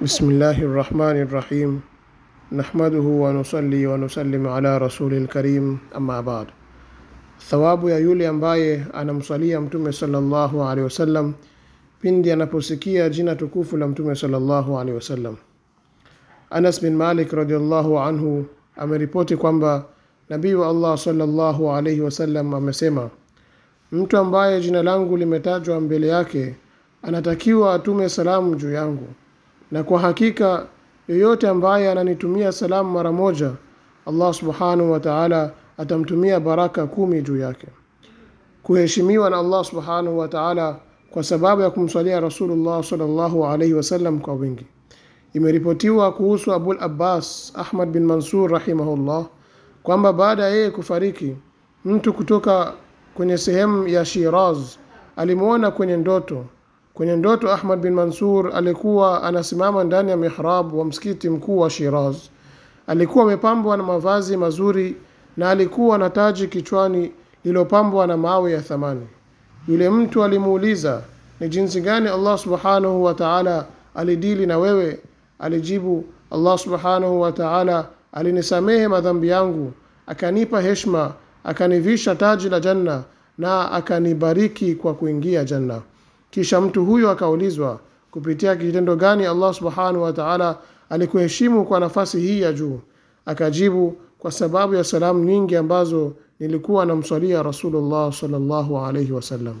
Bismillahi rahmani rahim nahmaduhu wanusali wanusalim ala rasuli lkarim amma bad. Thawabu ya yule ambaye anamswalia Mtume sallallahu alaihi wasallam pindi anaposikia jina tukufu la Mtume sallallahu alaihi wasallam. Anas bin Malik radhiallahu anhu ameripoti kwamba Nabii wa Allah sallallahu alaihi wasallam amesema, mtu ambaye jina langu limetajwa mbele yake anatakiwa atume salamu juu yangu na kwa hakika yoyote ambaye ananitumia salamu mara moja Allah subhanahu wa ta'ala atamtumia baraka kumi juu yake. Kuheshimiwa na Allah subhanahu wa ta'ala kwa sababu ya kumswalia Rasulullah sallallahu alaihi wasallam kwa wingi. Imeripotiwa kuhusu Abul Abbas Ahmad bin Mansur rahimahullah kwamba baada ya yeye kufariki, mtu kutoka kwenye sehemu ya Shiraz alimuona kwenye ndoto Kwenye ndoto Ahmad bin Mansur alikuwa anasimama ndani ya mihrab wa msikiti mkuu wa Shiraz. Alikuwa amepambwa na mavazi mazuri na alikuwa na taji kichwani lililopambwa na mawe ya thamani. Yule mtu alimuuliza, ni jinsi gani Allah subhanahu wa taala alidili na wewe? Alijibu, Allah subhanahu wa taala alinisamehe madhambi yangu, akanipa heshima, akanivisha taji la Janna na akanibariki kwa kuingia Janna. Kisha mtu huyo akaulizwa, kupitia kitendo gani Allah subhanahu wa ta'ala alikuheshimu kwa nafasi hii ya juu? Akajibu, kwa sababu ya salamu nyingi ambazo nilikuwa namswalia Rasulullah sallallahu alaihi wasallam.